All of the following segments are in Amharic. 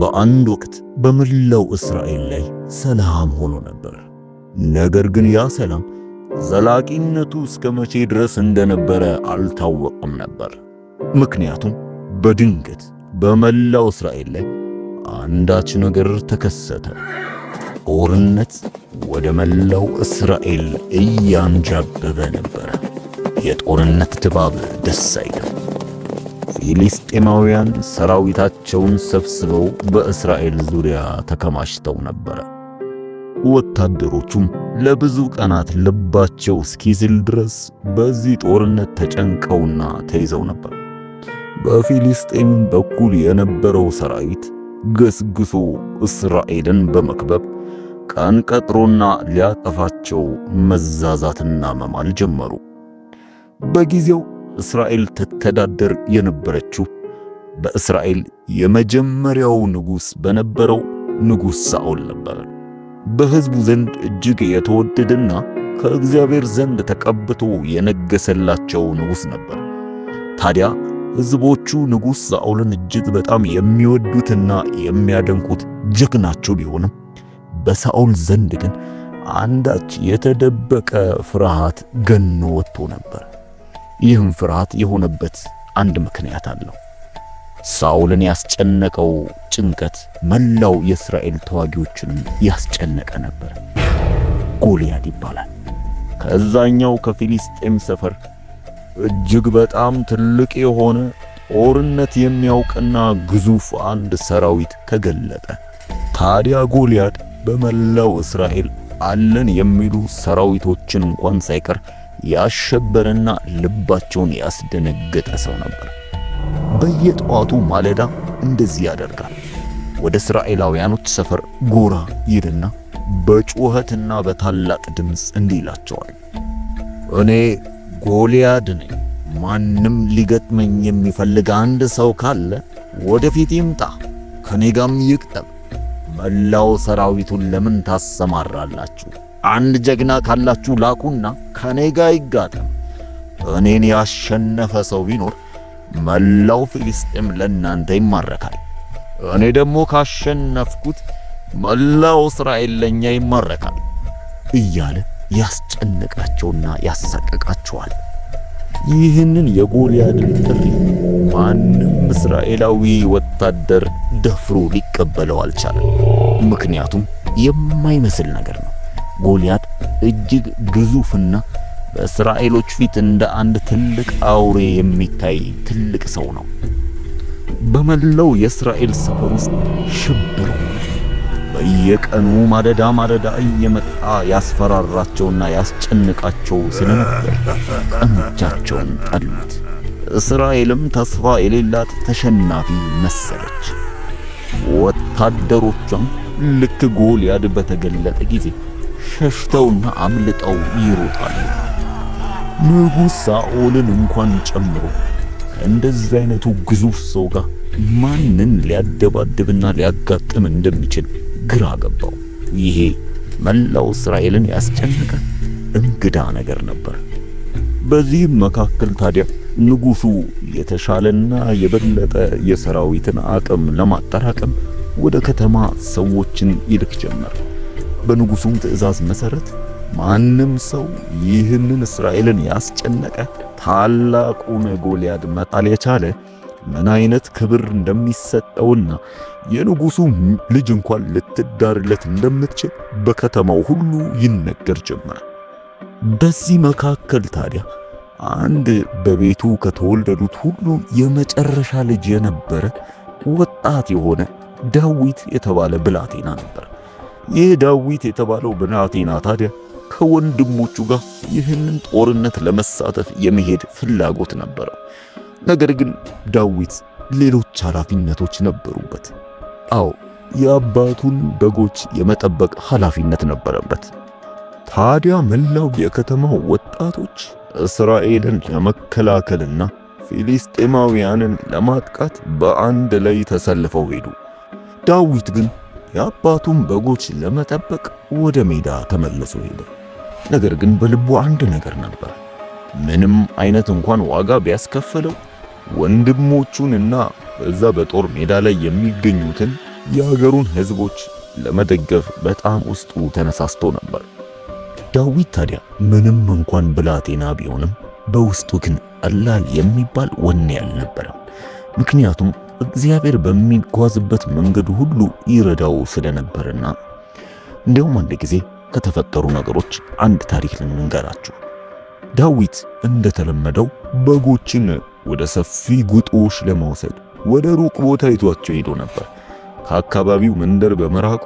በአንድ ወቅት በመላው እስራኤል ላይ ሰላም ሆኖ ነበር። ነገር ግን ያ ሰላም ዘላቂነቱ እስከ መቼ ድረስ እንደነበረ አልታወቀም ነበር። ምክንያቱም በድንገት በመላው እስራኤል ላይ አንዳች ነገር ተከሰተ። ጦርነት ወደ መላው እስራኤል እያንጃበበ ነበረ። የጦርነት ድባብ ደስ አይልም። ፊሊስጤማውያን ሰራዊታቸውን ሰብስበው በእስራኤል ዙሪያ ተከማችተው ነበረ። ወታደሮቹም ለብዙ ቀናት ልባቸው እስኪዝል ድረስ በዚህ ጦርነት ተጨንቀውና ተይዘው ነበር። በፊሊስጤም በኩል የነበረው ሰራዊት ገስግሶ እስራኤልን በመክበብ ቀን ቀጥሮና ሊያጠፋቸው መዛዛትና መማል ጀመሩ በጊዜው እስራኤል ትተዳደር የነበረችው በእስራኤል የመጀመሪያው ንጉሥ በነበረው ንጉሥ ሳኦል ነበር። በሕዝቡ ዘንድ እጅግ የተወደደና ከእግዚአብሔር ዘንድ ተቀብቶ የነገሰላቸው ንጉሥ ነበር። ታዲያ ሕዝቦቹ ንጉሥ ሳኦልን እጅግ በጣም የሚወዱትና የሚያደንቁት ጀግናቸው ቢሆንም በሳኦል ዘንድ ግን አንዳች የተደበቀ ፍርሃት ገኖ ወጥቶ ነበር። ይህም ፍርሃት የሆነበት አንድ ምክንያት አለው። ሳኦልን ያስጨነቀው ጭንቀት መላው የእስራኤል ተዋጊዎችንም ያስጨነቀ ነበር። ጎልያድ ይባላል። ከዛኛው ከፊሊስጤም ሰፈር እጅግ በጣም ትልቅ የሆነ ጦርነት የሚያውቅና ግዙፍ አንድ ሰራዊት ተገለጠ። ታዲያ ጎልያድ በመላው እስራኤል አለን የሚሉ ሰራዊቶችን እንኳን ሳይቀር ያሸበረና ልባቸውን ያስደነገጠ ሰው ነበር። በየጠዋቱ ማለዳ እንደዚህ ያደርጋል። ወደ እስራኤላውያኖች ሰፈር ጎራ ይልና በጩኸትና በታላቅ ድምፅ እንዲህ ይላቸዋል፣ እኔ ጎልያድ ነኝ። ማንም ሊገጥመኝ የሚፈልግ አንድ ሰው ካለ ወደፊት ይምጣ፣ ከኔ ጋም ይቅጠም። መላው ሰራዊቱን ለምን ታሰማራላችሁ? አንድ ጀግና ካላችሁ ላኩና ከኔ ጋር ይጋጠም። እኔን ያሸነፈ ሰው ቢኖር መላው ፍልስጤም ለእናንተ ይማረካል። እኔ ደግሞ ካሸነፍኩት መላው እስራኤል ለኛ ይማረካል እያለ ያስጨንቃቸውና ያሳቀቃቸዋል። ይህንን የጎልያድን ጥሪ ማንም እስራኤላዊ ወታደር ደፍሮ ሊቀበለው አልቻለም። ምክንያቱም የማይመስል ነገር ነው። ጎልያድ እጅግ ግዙፍና በእስራኤሎች ፊት እንደ አንድ ትልቅ አውሬ የሚታይ ትልቅ ሰው ነው። በመላው የእስራኤል ሰፈር ውስጥ ሽብር ሆነ። በየቀኑ ማደዳ ማደዳ እየመጣ ያስፈራራቸውና ያስጨንቃቸው ስለነበር እርምጃቸውን ጠሉት። እስራኤልም ተስፋ የሌላት ተሸናፊ መሰለች። ወታደሮቿም ልክ ጎልያድ በተገለጠ ጊዜ ሸሽተውና አምልጠው ይሮጣሉ። ንጉሥ ሳኦልን እንኳን ጨምሮ እንደዚህ አይነቱ ግዙፍ ሰው ጋር ማንን ሊያደባድብና ሊያጋጥም እንደሚችል ግራ ገባው። ይሄ መላው እስራኤልን ያስጨነቀ እንግዳ ነገር ነበር። በዚህም መካከል ታዲያ ንጉሡ የተሻለና የበለጠ የሰራዊትን አቅም ለማጠራቀም ወደ ከተማ ሰዎችን ይልክ ጀመር። በንጉሱም ትእዛዝ መሰረት ማንም ሰው ይህንን እስራኤልን ያስጨነቀ ታላቁን ጎልያድ መጣል የቻለ ምን አይነት ክብር እንደሚሰጠውና የንጉሱ ልጅ እንኳን ልትዳርለት እንደምትችል በከተማው ሁሉ ይነገር ጀመረ። በዚህ መካከል ታዲያ አንድ በቤቱ ከተወለዱት ሁሉ የመጨረሻ ልጅ የነበረ ወጣት የሆነ ዳዊት የተባለ ብላቴና ነበር። ይህ ዳዊት የተባለው ብላቴና ታዲያ ከወንድሞቹ ጋር ይህንን ጦርነት ለመሳተፍ የመሄድ ፍላጎት ነበረው። ነገር ግን ዳዊት ሌሎች ኃላፊነቶች ነበሩበት። አዎ የአባቱን በጎች የመጠበቅ ኃላፊነት ነበረበት። ታዲያ መላው የከተማው ወጣቶች እስራኤልን ለመከላከልና ፊሊስጤማውያንን ለማጥቃት በአንድ ላይ ተሰልፈው ሄዱ። ዳዊት ግን የአባቱን በጎች ለመጠበቅ ወደ ሜዳ ተመልሶ ሄደ። ነገር ግን በልቡ አንድ ነገር ነበር። ምንም አይነት እንኳን ዋጋ ቢያስከፍለው ወንድሞቹንና በዛ በጦር ሜዳ ላይ የሚገኙትን የሀገሩን ሕዝቦች ለመደገፍ በጣም ውስጡ ተነሳስቶ ነበር። ዳዊት ታዲያ ምንም እንኳን ብላቴና ቢሆንም በውስጡ ግን ቀላል የሚባል ወኔ አልነበረም። ምክንያቱም እግዚአብሔር በሚጓዝበት መንገድ ሁሉ ይረዳው ስለነበርና እንዲሁም አንድ ጊዜ ከተፈጠሩ ነገሮች አንድ ታሪክ ልንገራችሁ። ዳዊት እንደተለመደው በጎችን ወደ ሰፊ ጉጦዎች ለመውሰድ ወደ ሩቅ ቦታ ይዟቸው ሄዶ ነበር። ከአካባቢው መንደር በመራቁ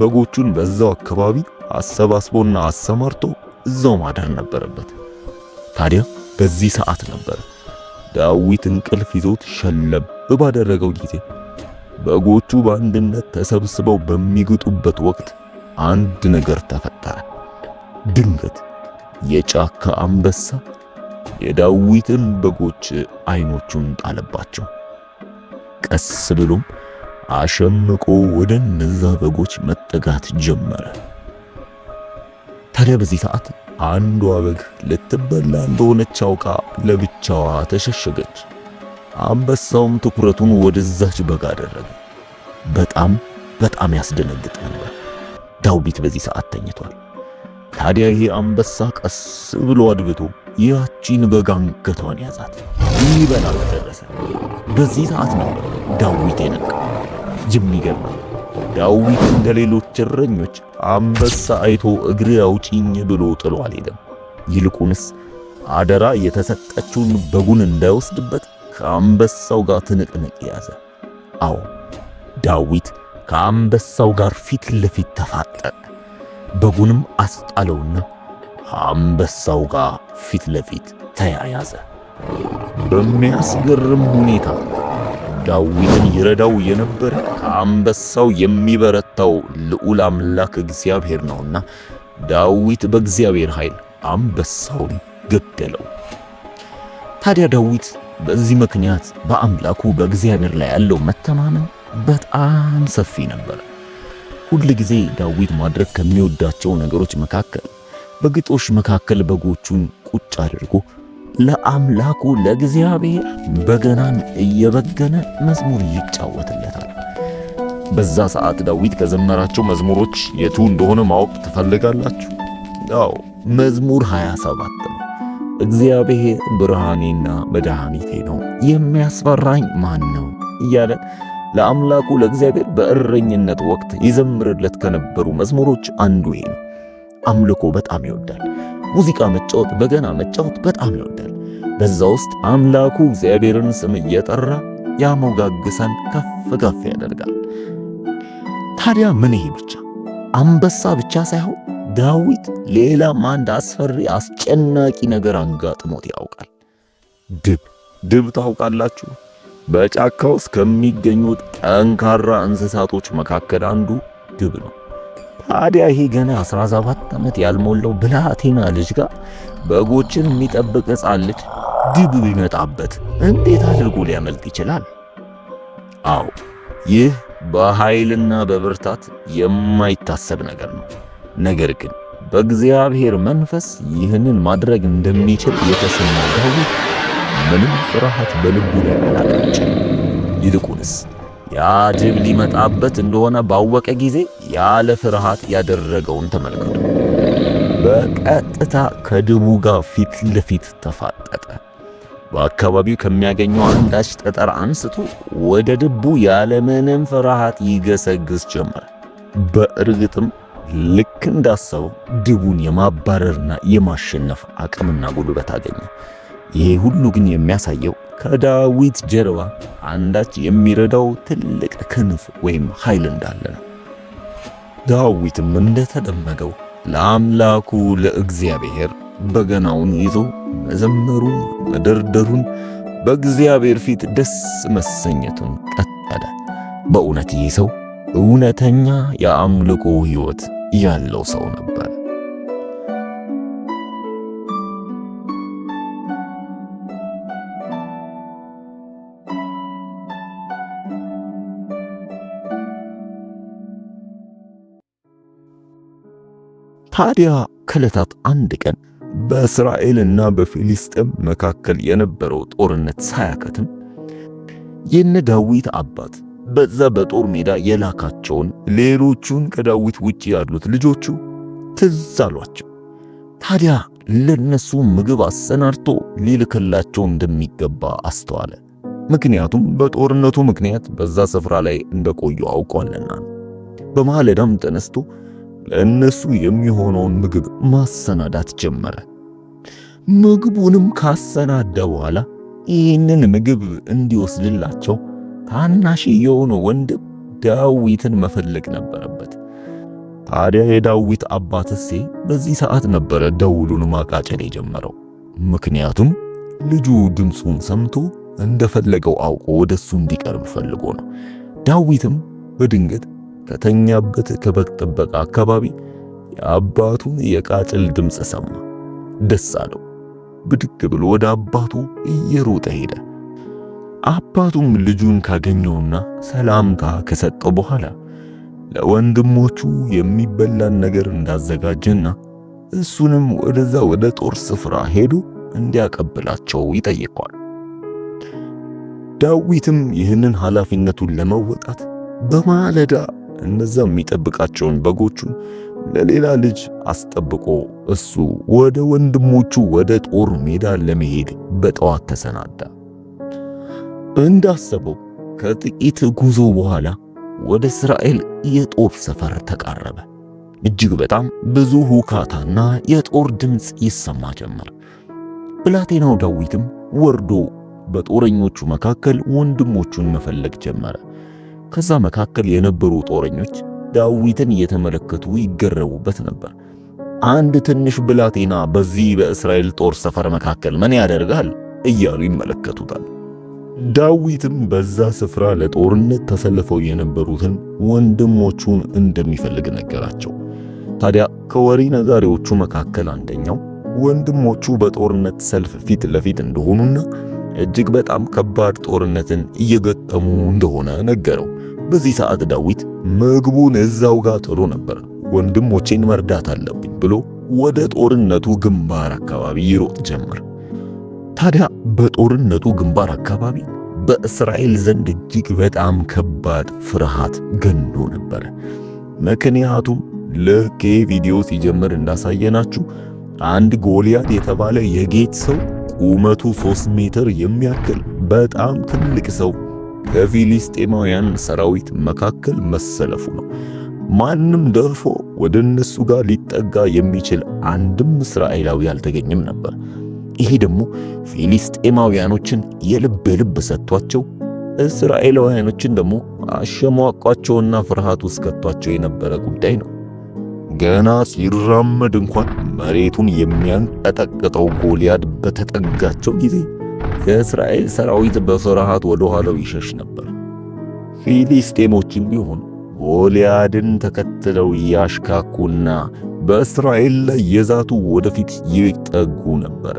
በጎቹን በዛው አካባቢ አሰባስቦና አሰማርቶ እዛው ማደር ነበረበት። ታዲያ በዚህ ሰዓት ነበር ዳዊት እንቅልፍ ይዞት ሸለብ ባደረገው ጊዜ በጎቹ በአንድነት ተሰብስበው በሚግጡበት ወቅት አንድ ነገር ተፈጠረ። ድንገት የጫካ አንበሳ የዳዊትን በጎች አይኖቹን ጣለባቸው። ቀስ ብሎም አሸምቆ ወደ እነዛ በጎች መጠጋት ጀመረ። ታዲያ በዚህ ሰዓት አንዷ በግ ልትበላ እንደሆነች አውቃ ለብቻዋ ተሸሸገች። አንበሳውም ትኩረቱን ወደዛች በግ አደረገ። በጣም በጣም ያስደነግጥ ነበር። ዳዊት በዚህ ሰዓት ተኝቷል። ታዲያ ይሄ አንበሳ ቀስ ብሎ አድብቶ ያቺን በግ አንገቷን ያዛት፣ ይበላት ተደረሰ። በዚህ ሰዓት ነበር ዳዊት የነቃ። የሚገርም ዳዊት እንደሌሎች ሌሎች እረኞች አንበሳ አይቶ እግር አውጪኝ ብሎ ጥሎ አልሄደም። ይልቁንስ አደራ የተሰጠችውን በጉን እንዳይወስድበት ከአንበሳው ጋር ትንቅንቅ ያዘ። አዎ ዳዊት ከአንበሳው ጋር ፊት ለፊት ተፋጠጠ። በጉንም አስጣለውና ከአንበሳው ጋር ፊት ለፊት ተያያዘ። በሚያስገርም ሁኔታ ዳዊትን ይረዳው የነበረ ከአንበሳው የሚበረታው ልዑል አምላክ እግዚአብሔር ነውና ዳዊት በእግዚአብሔር ኃይል አንበሳውን ገደለው። ታዲያ ዳዊት በዚህ ምክንያት በአምላኩ በእግዚአብሔር ላይ ያለው መተማመን በጣም ሰፊ ነበር። ሁል ጊዜ ዳዊት ማድረግ ከሚወዳቸው ነገሮች መካከል በግጦሽ መካከል በጎቹን ቁጭ አድርጎ ለአምላኩ ለእግዚአብሔር በገናን እየበገነ መዝሙር ይጫወትለታል። በዛ ሰዓት ዳዊት ከዘመራቸው መዝሙሮች የቱ እንደሆነ ማወቅ ትፈልጋላችሁ? አዎ መዝሙር 27 ነው። እግዚአብሔር ብርሃኔና መድኃኒቴ ነው፣ የሚያስፈራኝ ማን ነው እያለ ለአምላኩ ለእግዚአብሔር በእረኝነት ወቅት ይዘምርለት ከነበሩ መዝሙሮች አንዱ ይሄ ነው። አምልኮ በጣም ይወዳል። ሙዚቃ መጫወት፣ በገና መጫወት በጣም ይወዳል። በዛ ውስጥ አምላኩ እግዚአብሔርን ስም እየጠራ ያሞጋግሰን ከፍ ከፍ ያደርጋል። ታዲያ ምን ይሄ ብቻ? አንበሳ ብቻ ሳይሆን ዳዊት ሌላም አንድ አስፈሪ አስጨናቂ ነገር አንጋጥሞት ያውቃል። ድብ ድብ ታውቃላችሁ? በጫካ ውስጥ ከሚገኙት ጠንካራ እንስሳቶች መካከል አንዱ ድብ ነው። ታዲያ ይሄ ገና 17 ዓመት ያልሞላው ብላቴና ልጅ ጋር በጎችን የሚጠብቅ ሕፃን ልጅ ድብ ቢመጣበት እንዴት አድርጎ ሊያመልጥ ይችላል? አዎ ይህ በኃይልና በብርታት የማይታሰብ ነገር ነው። ነገር ግን በእግዚአብሔር መንፈስ ይህንን ማድረግ እንደሚችል የተሰማ ዳዊት ምንም ፍርሃት በልቡ ላይ ይችላል። ይልቁንስ ያ ጅብ ሊመጣበት እንደሆነ ባወቀ ጊዜ ያለ ፍርሃት ያደረገውን ተመልከቱ። በቀጥታ ከድቡ ጋር ፊት ለፊት ተፋጠጠ። በአካባቢው ከሚያገኘው አንዳች ጠጠር አንስቶ ወደ ድቡ ያለምንም ፍርሃት ይገሰግስ ጀመር። በእርግጥም ልክ እንዳሰበው ድቡን የማባረርና የማሸነፍ አቅምና ጉልበት አገኘ። ይሄ ሁሉ ግን የሚያሳየው ከዳዊት ጀርባ አንዳች የሚረዳው ትልቅ ክንፍ ወይም ኃይል እንዳለ ነው። ዳዊትም እንደተደመገው ለአምላኩ ለእግዚአብሔር በገናውን ይዞ መዘመሩን መደርደሩን በእግዚአብሔር ፊት ደስ መሰኘቱን ቀጠለ። በእውነት ይህ ሰው እውነተኛ የአምልኮ ሕይወት ያለው ሰው ነበር። ታዲያ ከዕለታት አንድ ቀን በእስራኤልና በፊሊስጤም መካከል የነበረው ጦርነት ሳያከትም የነ ዳዊት አባት በዛ በጦር ሜዳ የላካቸውን ሌሎቹን ከዳዊት ውጪ ያሉት ልጆቹ ትዝ አሏቸው። ታዲያ ለነሱ ምግብ አሰናድቶ ሊልክላቸው እንደሚገባ አስተዋለ። ምክንያቱም በጦርነቱ ምክንያት በዛ ስፍራ ላይ እንደቆዩ አውቋልና። በማለዳም ተነስቶ ለእነሱ የሚሆነውን ምግብ ማሰናዳት ጀመረ። ምግቡንም ካሰናዳ በኋላ ይህንን ምግብ እንዲወስድላቸው ታናሽ የሆኑ ወንድም ዳዊትን መፈለግ ነበረበት። ታዲያ የዳዊት አባት እሴ በዚህ ሰዓት ነበረ ደውሉን ማቃጨል የጀመረው። ምክንያቱም ልጁ ድምፁን ሰምቶ እንደፈለገው አውቆ ወደሱ እንዲቀርብ ፈልጎ ነው። ዳዊትም በድንገት ከተኛበት ከበግ ጥበቃ አካባቢ የአባቱን የቃጭል ድምፅ ሰማ። ደስ አለው። ብድግ ብሎ ወደ አባቱ እየሮጠ ሄደ። አባቱም ልጁን ካገኘውና ሰላምታ ከሰጠው በኋላ ለወንድሞቹ የሚበላን ነገር እንዳዘጋጀና እሱንም ወደዛ ወደ ጦር ስፍራ ሄዱ እንዲያቀብላቸው ይጠይቀዋል። ዳዊትም ይህንን ኃላፊነቱን ለመወጣት በማለዳ እነዛ የሚጠብቃቸውን በጎቹን ለሌላ ልጅ አስጠብቆ እሱ ወደ ወንድሞቹ ወደ ጦር ሜዳ ለመሄድ በጠዋት ተሰናዳ። እንዳሰበው ከጥቂት ጉዞ በኋላ ወደ እስራኤል የጦር ሰፈር ተቃረበ። እጅግ በጣም ብዙ ሁካታና የጦር ድምፅ ይሰማ ጀመር። ብላቴናው ዳዊትም ወርዶ በጦረኞቹ መካከል ወንድሞቹን መፈለግ ጀመረ። ከዛ መካከል የነበሩ ጦረኞች ዳዊትን እየተመለከቱ ይገረሙበት ነበር። አንድ ትንሽ ብላቴና በዚህ በእስራኤል ጦር ሰፈር መካከል ምን ያደርጋል እያሉ ይመለከቱታል። ዳዊትም በዛ ስፍራ ለጦርነት ተሰልፈው የነበሩትን ወንድሞቹን እንደሚፈልግ ነገራቸው። ታዲያ ከወሬ ነጋሪዎቹ መካከል አንደኛው ወንድሞቹ በጦርነት ሰልፍ ፊት ለፊት እንደሆኑና እጅግ በጣም ከባድ ጦርነትን እየገጠሙ እንደሆነ ነገረው። በዚህ ሰዓት ዳዊት ምግቡን እዛው ጋር ጥሎ ነበር። ወንድሞቼን መርዳት አለብኝ ብሎ ወደ ጦርነቱ ግንባር አካባቢ ይሮጥ ጀመር። ታዲያ በጦርነቱ ግንባር አካባቢ በእስራኤል ዘንድ እጅግ በጣም ከባድ ፍርሃት ገኖ ነበረ። ምክንያቱም ልክ ቪዲዮ ሲጀምር እንዳሳየናችሁ አንድ ጎልያድ የተባለ የጌት ሰው ቁመቱ 3 ሜትር የሚያክል በጣም ትልቅ ሰው በፊሊስጤማውያን ሰራዊት መካከል መሰለፉ ነው። ማንም ደርፎ ወደ እነሱ ጋር ሊጠጋ የሚችል አንድም እስራኤላዊ አልተገኘም ነበር። ይሄ ደግሞ ፊሊስጤማውያኖችን የልብ ልብ ሰጥቷቸው እስራኤላውያኖችን ደግሞ አሸማቋቸውና ፍርሃት ውስጥ ከቷቸው የነበረ ጉዳይ ነው። ገና ሲራመድ እንኳን መሬቱን የሚያንቀጠቅጠው ጎልያድ በተጠጋቸው ጊዜ የእስራኤል ሰራዊት በፍርሃት ወደ ኋላው ይሸሽ ነበር። ፊሊስጤሞችም ቢሆን ጎልያድን ተከትለው እያሽካኩና በእስራኤል ላይ የዛቱ ወደፊት ይጠጉ ነበረ።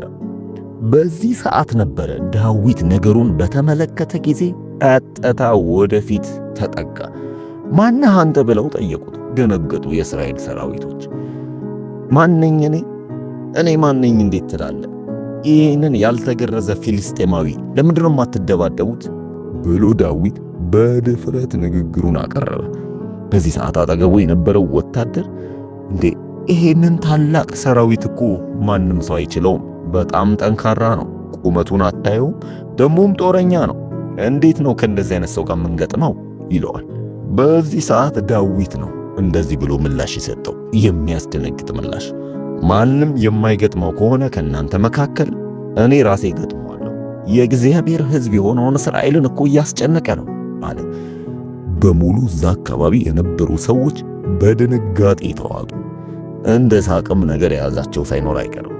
በዚህ ሰዓት ነበረ ዳዊት ነገሩን በተመለከተ ጊዜ ቀጥታ ወደፊት ተጠጋ። ማነህ አንተ ብለው ጠየቁት። ደነገጡ የእስራኤል ሰራዊቶች። ማነኝ እኔ እኔ ማነኝ እንዴት ትላለህ ይህንን ያልተገረዘ ፊልስጤማዊ ለምንድነው የማትደባደቡት ብሎ ዳዊት በድፍረት ንግግሩን አቀረበ። በዚህ ሰዓት አጠገቡ የነበረው ወታደር እንዴ ይሄንን ታላቅ ሰራዊት እኮ ማንም ሰው አይችለውም፣ በጣም ጠንካራ ነው፣ ቁመቱን አታየውም፣ ደግሞም ጦረኛ ነው፣ እንዴት ነው ከእንደዚህ አይነት ሰው ጋር የምንገጥመው ይለዋል። በዚህ ሰዓት ዳዊት ነው እንደዚህ ብሎ ምላሽ የሰጠው የሚያስደነግጥ ምላሽ። ማንም የማይገጥመው ከሆነ ከእናንተ መካከል እኔ ራሴ ገጥመዋለሁ። የእግዚአብሔር ሕዝብ የሆነውን እስራኤልን እኮ እያስጨነቀ ነው አለ። በሙሉ እዛ አካባቢ የነበሩ ሰዎች በድንጋጤ ተዋጡ። እንደ ሳቅም ነገር የያዛቸው ሳይኖር አይቀርም።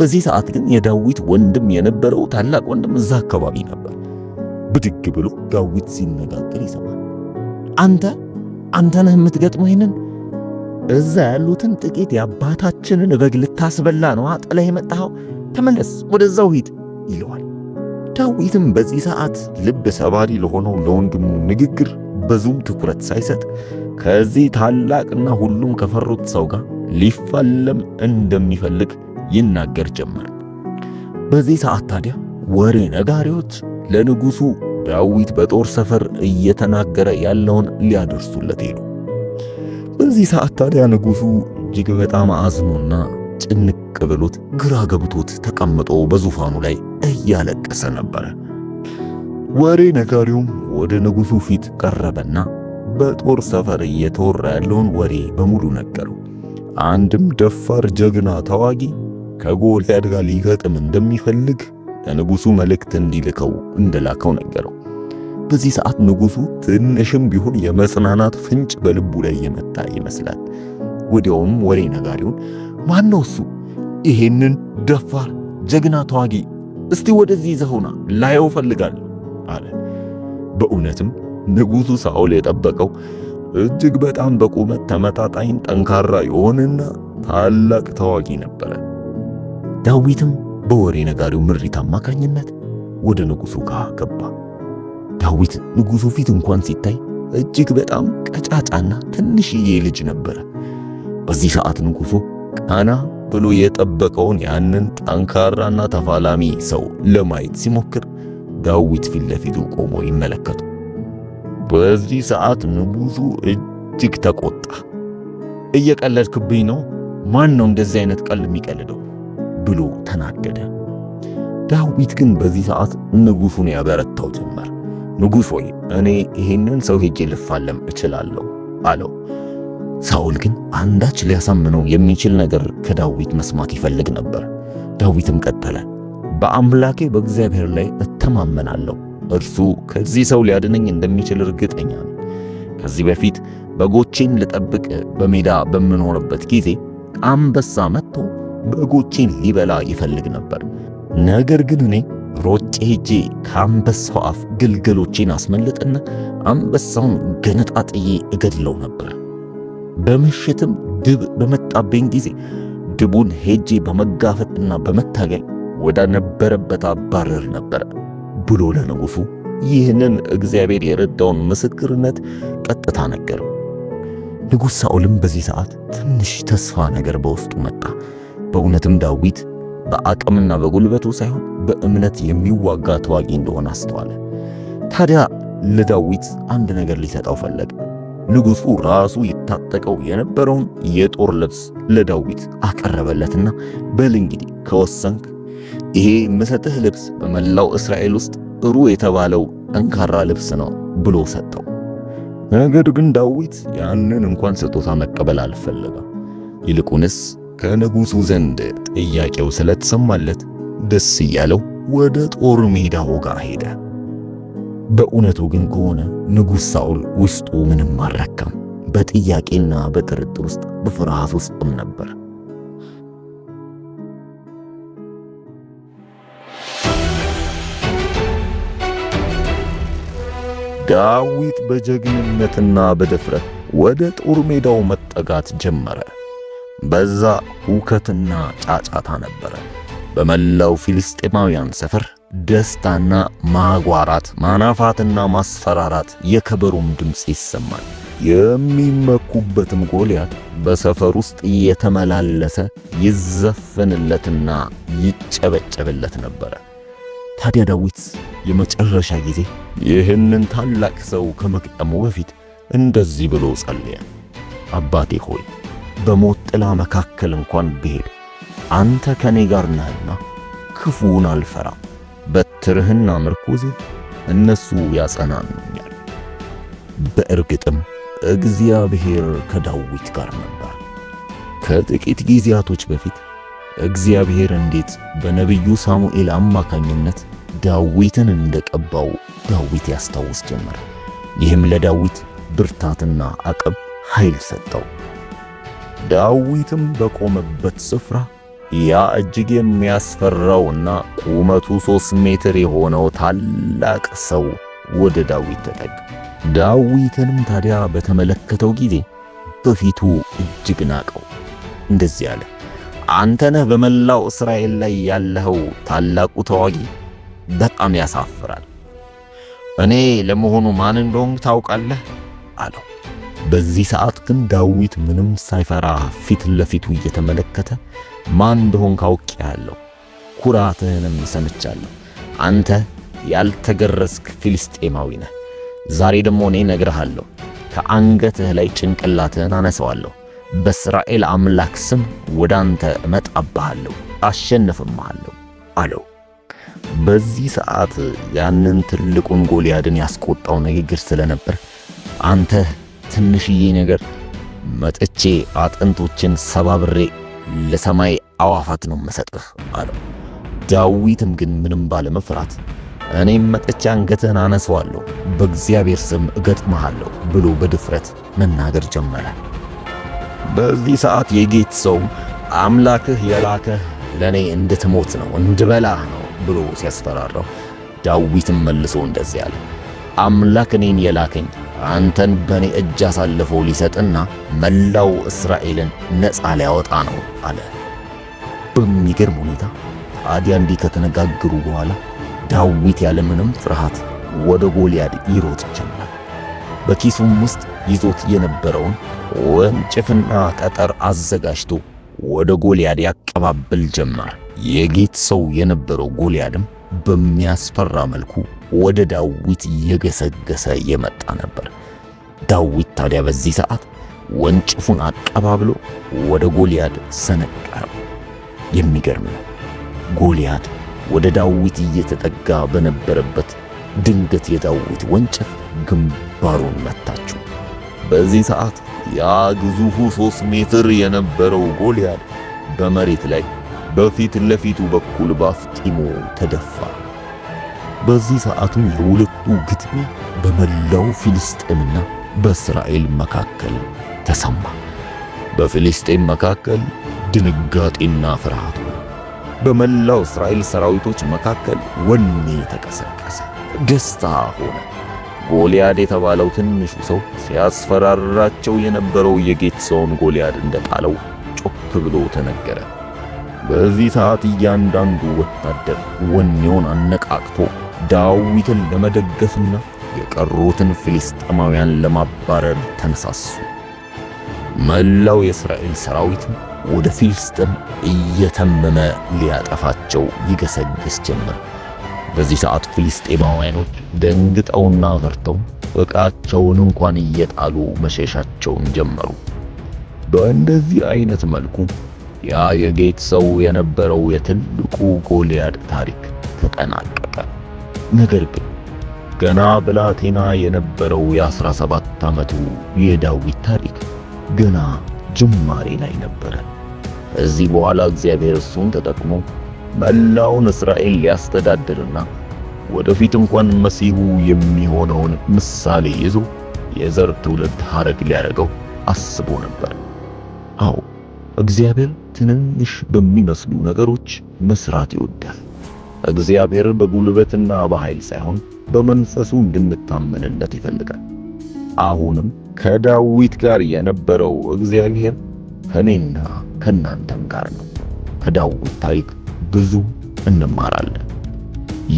በዚህ ሰዓት ግን የዳዊት ወንድም የነበረው ታላቅ ወንድም እዛ አካባቢ ነበር። ብድግ ብሎ ዳዊት ሲነጋገር ይሰማል። አንተ አንተ ነህ የምትገጥመው ይህንን እዛ ያሉትን ጥቂት የአባታችንን በግ ልታስበላ ነው አጠላ የመጣኸው? ተመለስ፣ ወደዛው ሂድ ይለዋል። ዳዊትም በዚህ ሰዓት ልብ ሰባሪ ለሆነው ለወንድሙ ንግግር ብዙም ትኩረት ሳይሰጥ ከዚህ ታላቅና ሁሉም ከፈሩት ሰው ጋር ሊፋለም እንደሚፈልግ ይናገር ጀመር። በዚህ ሰዓት ታዲያ ወሬ ነጋሪዎች ለንጉሡ ዳዊት በጦር ሰፈር እየተናገረ ያለውን ሊያደርሱለት ሄዱ። በዚህ ሰዓት ታዲያ ንጉሱ እጅግ በጣም አዝኖና ጭንቅ ብሎት ግራ ገብቶት ተቀምጦ በዙፋኑ ላይ እያለቀሰ ነበረ። ወሬ ነጋሪውም ወደ ንጉሱ ፊት ቀረበና በጦር ሰፈር እየተወራ ያለውን ወሬ በሙሉ ነገረው። አንድም ደፋር ጀግና ተዋጊ ከጎልያድ ጋር ሊገጥም እንደሚፈልግ ለንጉሱ መልእክት እንዲልከው እንደላከው ነገረው። በዚህ ሰዓት ንጉሱ ትንሽም ቢሆን የመጽናናት ፍንጭ በልቡ ላይ የመታ ይመስላል። ወዲያውም ወሬ ነጋሪውን ማን ነው እሱ? ይሄንን ደፋር ጀግና ተዋጊ እስቲ ወደዚህ ዘሆና ላየው ፈልጋለሁ አለ። በእውነትም ንጉሱ ሳኦል የጠበቀው እጅግ በጣም በቁመት ተመጣጣኝ ጠንካራ የሆነና ታላቅ ተዋጊ ነበረ። ዳዊትም በወሬ ነጋሪው ምሪት አማካኝነት ወደ ንጉሱ ጋር ገባ። ዳዊት ንጉሡ ፊት እንኳን ሲታይ እጅግ በጣም ቀጫጫና ትንሽዬ ልጅ ነበረ። በዚህ ሰዓት ንጉሡ ቃና ብሎ የጠበቀውን ያንን ጠንካራና ተፋላሚ ሰው ለማየት ሲሞክር ዳዊት ፊት ለፊቱ ቆሞ ይመለከቱ። በዚህ ሰዓት ንጉሡ እጅግ ተቆጣ። እየቀለድክብኝ ነው? ማን ነው እንደዚህ አይነት ቀልድ የሚቀልደው? ብሎ ተናገደ? ዳዊት ግን በዚህ ሰዓት ንጉሡን ያበረታው ጀመር። ንጉሥ ሆይ እኔ ይህንን ሰው ሄጄ ልፋለም እችላለሁ አለው። ሳኦል ግን አንዳች ሊያሳምነው የሚችል ነገር ከዳዊት መስማት ይፈልግ ነበር። ዳዊትም ቀጠለ፣ በአምላኬ በእግዚአብሔር ላይ እተማመናለሁ። እርሱ ከዚህ ሰው ሊያድነኝ እንደሚችል እርግጠኛ ነው። ከዚህ በፊት በጎቼን ልጠብቅ በሜዳ በምኖርበት ጊዜ አንበሳ መጥቶ በጎቼን ሊበላ ይፈልግ ነበር። ነገር ግን እኔ ሮጬ ሄጄ ከአንበሳው አፍ ግልገሎቼን አስመልጥና አንበሳውን ገነጣጥዬ እገድለው ነበር። በምሽትም ድብ በመጣብኝ ጊዜ ድቡን ሄጄ በመጋፈጥና በመታገል ወደ ነበረበት አባረር ነበር ብሎ ለንጉሡ ይህንን እግዚአብሔር የረዳውን ምስክርነት ቀጥታ ነገረው። ንጉሥ ሳኦልም በዚህ ሰዓት ትንሽ ተስፋ ነገር በውስጡ መጣ። በእውነትም ዳዊት በአቅምና በጉልበቱ ሳይሆን በእምነት የሚዋጋ ተዋጊ እንደሆነ አስተዋለ። ታዲያ ለዳዊት አንድ ነገር ሊሰጠው ፈለገ። ንጉሱ ራሱ ይታጠቀው የነበረውን የጦር ልብስ ለዳዊት አቀረበለትና በል እንግዲህ ከወሰንክ ይሄ የምሰጥህ ልብስ በመላው እስራኤል ውስጥ ጥሩ የተባለው ጠንካራ ልብስ ነው ብሎ ሰጠው። ነገር ግን ዳዊት ያንን እንኳን ስጦታ መቀበል አልፈለገም። ይልቁንስ ከንጉሱ ዘንድ ጥያቄው ስለተሰማለት ደስ እያለው ወደ ጦር ሜዳው ጋር ሄደ። በእውነቱ ግን ከሆነ ንጉሥ ሳኦል ውስጡ ምንም አልረካም። በጥያቄና በጥርጥር ውስጥ በፍርሃት ውስጥም ነበር። ዳዊት በጀግንነትና በድፍረት ወደ ጦር ሜዳው መጠጋት ጀመረ። በዛ ሁከትና ጫጫታ ነበረ። በመላው ፊልስጤማውያን ሰፈር ደስታና ማጓራት፣ ማናፋትና ማስፈራራት፣ የከበሮም ድምፅ ይሰማል። የሚመኩበትም ጎልያት በሰፈር ውስጥ እየተመላለሰ ይዘፈንለትና ይጨበጨብለት ነበረ። ታዲያ ዳዊት የመጨረሻ ጊዜ ይህንን ታላቅ ሰው ከመግጠሙ በፊት እንደዚህ ብሎ ጸለየ። አባቴ ሆይ በሞት ጥላ መካከል እንኳን ብሄድ አንተ ከኔ ጋር ነህና ክፉውን አልፈራም። በትርህና ምርኩዝ እነሱ ያጸናኑኛል። በእርግጥም እግዚአብሔር ከዳዊት ጋር ነበር። ከጥቂት ጊዜያቶች በፊት እግዚአብሔር እንዴት በነቢዩ ሳሙኤል አማካኝነት ዳዊትን እንደቀባው ዳዊት ያስታውስ ጀመር። ይህም ለዳዊት ብርታትና አቅም ኃይል ሰጠው። ዳዊትም በቆመበት ስፍራ ያ እጅግ የሚያስፈራውና ቁመቱ ሦስት ሜትር የሆነው ታላቅ ሰው ወደ ዳዊት ተጠጋ። ዳዊትንም ታዲያ በተመለከተው ጊዜ በፊቱ እጅግ ናቀው። እንደዚህ አለ፣ አንተ ነህ በመላው እስራኤል ላይ ያለኸው ታላቁ ተዋጊ፣ በጣም ያሳፍራል። እኔ ለመሆኑ ማን እንደሆንክ ታውቃለህ? አለው። በዚህ ሰዓት ግን ዳዊት ምንም ሳይፈራ ፊት ለፊቱ እየተመለከተ ማን እንደሆን ካውቄያለሁ፣ ኩራትህንም ሰምቻለሁ። አንተ ያልተገረዝክ ፊልስጤማዊ ነህ። ዛሬ ደግሞ እኔ ነግርሃለሁ፣ ከአንገትህ ላይ ጭንቅላትህን አነሳዋለሁ። በእስራኤል አምላክ ስም ወደ አንተ እመጣብሃለሁ፣ አሸንፍምሃለሁ አለው። በዚህ ሰዓት ያንን ትልቁን ጎልያድን ያስቆጣው ንግግር ስለነበር አንተ ትንሽዬ ነገር መጥቼ አጥንቶችን ሰባብሬ ለሰማይ አዋፋት ነው መሰጥህ አለው። ዳዊትም ግን ምንም ባለመፍራት እኔም መጥቼ አንገትህን አነሰዋለሁ፣ በእግዚአብሔር ስም እገጥመሃለሁ ብሎ በድፍረት መናገር ጀመረ። በዚህ ሰዓት የጌት ሰው አምላክህ የላከህ ለእኔ እንድትሞት ነው እንድበላህ ነው ብሎ ሲያስፈራራው፣ ዳዊትም መልሶ እንደዚህ አለ አምላክ እኔን የላከኝ አንተን በእኔ እጅ አሳልፎ ሊሰጥና መላው እስራኤልን ነፃ ሊያወጣ ነው አለ። በሚገርም ሁኔታ ታዲያ እንዲህ ከተነጋገሩ በኋላ ዳዊት ያለምንም ፍርሃት ወደ ጎልያድ ይሮጥ ጀመር። በኪሱም ውስጥ ይዞት የነበረውን ወንጭፍና ጠጠር አዘጋጅቶ ወደ ጎልያድ ያቀባብል ጀመር። የጌት ሰው የነበረው ጎልያድም በሚያስፈራ መልኩ ወደ ዳዊት እየገሰገሰ የመጣ ነበር። ዳዊት ታዲያ በዚህ ሰዓት ወንጭፉን አቀባብሎ ወደ ጎልያድ ሰነቀረ። የሚገርም ነው። ጎልያድ ወደ ዳዊት እየተጠጋ በነበረበት ድንገት የዳዊት ወንጭፍ ግንባሩን መታችው። በዚህ ሰዓት ያ ግዙፉ ሦስት ሜትር የነበረው ጎልያድ በመሬት ላይ በፊት ለፊቱ በኩል ባፍጢሙ ተደፋ። በዚህ ሰዓትም የሁለቱ ግጥሚያ በመላው ፊልስጤምና በእስራኤል መካከል ተሰማ። በፊልስጤም መካከል ድንጋጤና ፍርሃት፣ በመላው እስራኤል ሰራዊቶች መካከል ወኔ ተቀሰቀሰ፣ ደስታ ሆነ። ጎልያድ የተባለው ትንሹ ሰው ሲያስፈራራቸው የነበረው የጌት ሰውን ጎልያድ እንደጣለው ጮክ ብሎ ተነገረ። በዚህ ሰዓት እያንዳንዱ ወታደር ወኔውን አነቃቅቶ ዳዊትን ለመደገፍና የቀሩትን ፊልስጤማውያን ለማባረር ተነሳሱ። መላው የእስራኤል ሰራዊት ወደ ፊልስጤም እየተመመ ሊያጠፋቸው ይገሰግስ ጀመር። በዚህ ሰዓት ፊልስጤማውያኖች ደንግጠውና ፈርተው ዕቃቸውን እንኳን እየጣሉ መሸሻቸውን ጀመሩ። በእንደዚህ አይነት መልኩ ያ የጌት ሰው የነበረው የትልቁ ጎልያድ ታሪክ ተጠናቀቀ። ነገር ግን ገና ብላቴና የነበረው የ17 ዓመቱ የዳዊት ታሪክ ገና ጅማሬ ላይ ነበረ። ከዚህ በኋላ እግዚአብሔር እሱን ተጠቅሞ መላውን እስራኤል ሊያስተዳድርና ወደፊት እንኳን መሲሁ የሚሆነውን ምሳሌ ይዞ የዘር ትውልድ ሐረግ ሊያደርገው አስቦ ነበር። አዎ እግዚአብሔር ትንንሽ በሚመስሉ ነገሮች መስራት ይወዳል። እግዚአብሔር በጉልበትና በኃይል ሳይሆን በመንፈሱ እንድንታመንለት ይፈልጋል። አሁንም ከዳዊት ጋር የነበረው እግዚአብሔር ከእኔና ከእናንተም ጋር ነው። ከዳዊት ታሪክ ብዙ እንማራለን።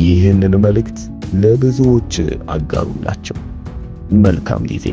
ይህንን መልእክት ለብዙዎች አጋሩላቸው። መልካም ጊዜ